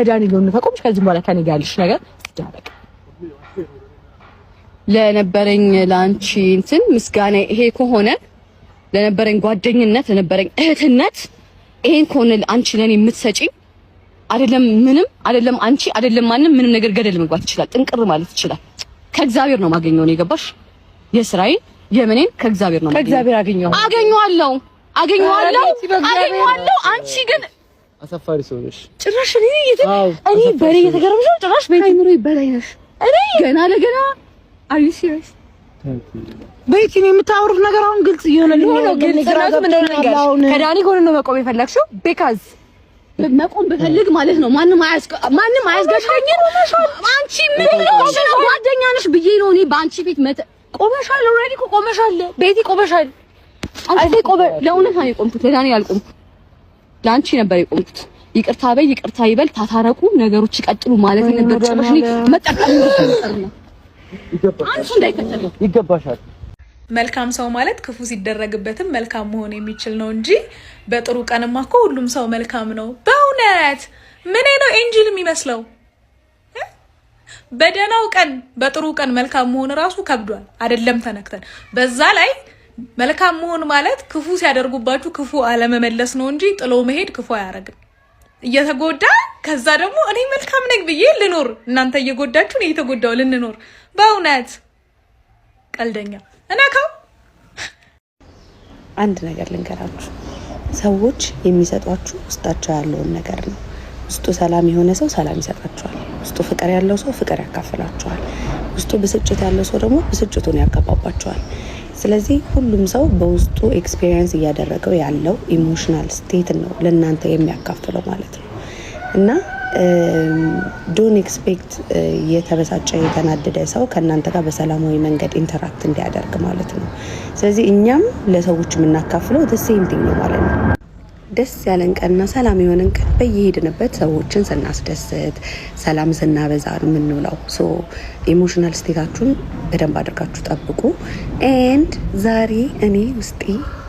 ከዳኒ ጎን ተቆምሽ ከዚህ በኋላ ከኔ ጋር ያለሽ ነገር ይደረግ። ለነበረኝ ለአንቺ እንትን ምስጋና ይሄ ከሆነ ለነበረኝ ጓደኝነት፣ ለነበረኝ እህትነት ይሄን ከሆነ አንቺ ለኔ የምትሰጪ አይደለም ምንም አይደለም አንቺ አይደለም ማንም ምንም ነገር ገደል መግባት ይችላል፣ ጥንቅር ማለት ይችላል። ከእግዚአብሔር ነው ማገኘው ነው የገባሽ? የስራዬን የምኔን ከእግዚአብሔር ነው ከእግዚአብሔር አገኘው አገኘዋለሁ አገኘዋለሁ አገኘዋለሁ። አንቺ ግን አሳፋሪ ሰው ነሽ። ጭራሽ እኔ እኔ በሬ እየተገረምሽ ነው። ጭራሽ ቤት አይምሮ ይበላይ ነሽ። እኔ ገና ለገና አር ዩ ሲሪየስ ቤቲ ነው የምታወሩት ነገር አሁን ግልጽ እየሆነልኝ ነው። ግን ጽናቱም እንደሆነ ነገር ከዳኒ ጎን ነው መቆም የፈለግሽው ቢካዝ መቆም ብፈልግ ማለት ነው ማንም ማንም አያስገድደኝም። አንቺ ምን ነው ጓደኛ ነሽ ብዬ ነው እኔ በአንቺ ፊት መተ ቆመሻል። ኦልሬዲ እኮ ቆመሻል። ቤቲ ቆመሻል። አንቺ ቆበ ለእውነት ነው የቆምኩት ለዳኒ አልቆምኩት ለአንቺ ነበር የቆምኩት። ይቅርታ በይ፣ ይቅርታ ይበል፣ ታታረቁ፣ ነገሮች ይቀጥሉ ማለት ነበር። ጭራሽ እኔ መጠቀም ይገባሻል። መልካም ሰው ማለት ክፉ ሲደረግበትም መልካም መሆን የሚችል ነው እንጂ በጥሩ ቀንማ እኮ ሁሉም ሰው መልካም ነው። በእውነት ምን ነው ኤንጅል የሚመስለው? በደህናው ቀን በጥሩ ቀን መልካም መሆን እራሱ ከብዷል። አይደለም ተነክተን በዛ ላይ መልካም መሆን ማለት ክፉ ሲያደርጉባችሁ ክፉ አለመመለስ ነው እንጂ ጥሎ መሄድ ክፉ አያደርግም። እየተጎዳ ከዛ ደግሞ እኔ መልካም ነኝ ብዬ ልኖር፣ እናንተ እየጎዳችሁ እኔ እየተጎዳው ልንኖር። በእውነት ቀልደኛ እነካው። አንድ ነገር ልንገራችሁ፣ ሰዎች የሚሰጧችሁ ውስጣቸው ያለውን ነገር ነው። ውስጡ ሰላም የሆነ ሰው ሰላም ይሰጣችኋል። ውስጡ ፍቅር ያለው ሰው ፍቅር ያካፍላችኋል። ውስጡ ብስጭት ያለው ሰው ደግሞ ብስጭቱን ያጋባባችኋል። ስለዚህ ሁሉም ሰው በውስጡ ኤክስፔሪንስ እያደረገው ያለው ኢሞሽናል ስቴት ነው ለእናንተ የሚያካፍለው ማለት ነው እና ዶን ኤክስፔክት የተበሳጨ የተናደደ ሰው ከእናንተ ጋር በሰላማዊ መንገድ ኢንተራክት እንዲያደርግ ማለት ነው። ስለዚህ እኛም ለሰዎች የምናካፍለው ሴም ቲንግ ነው ማለት ነው። ደስ ያለን ቀንና ሰላም የሆነን ቀን በየሄድንበት ሰዎችን ስናስደስት ሰላም ስናበዛ ነው የምንውለው። ሶ ኢሞሽናል ስቴታችሁን በደንብ አድርጋችሁ ጠብቁ። ኤንድ ዛሬ እኔ ውስጤ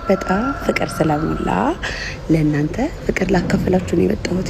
በጣም ፍቅር ስለሞላ ለእናንተ ፍቅር ላካፍላችሁ ነው የመጣሁት።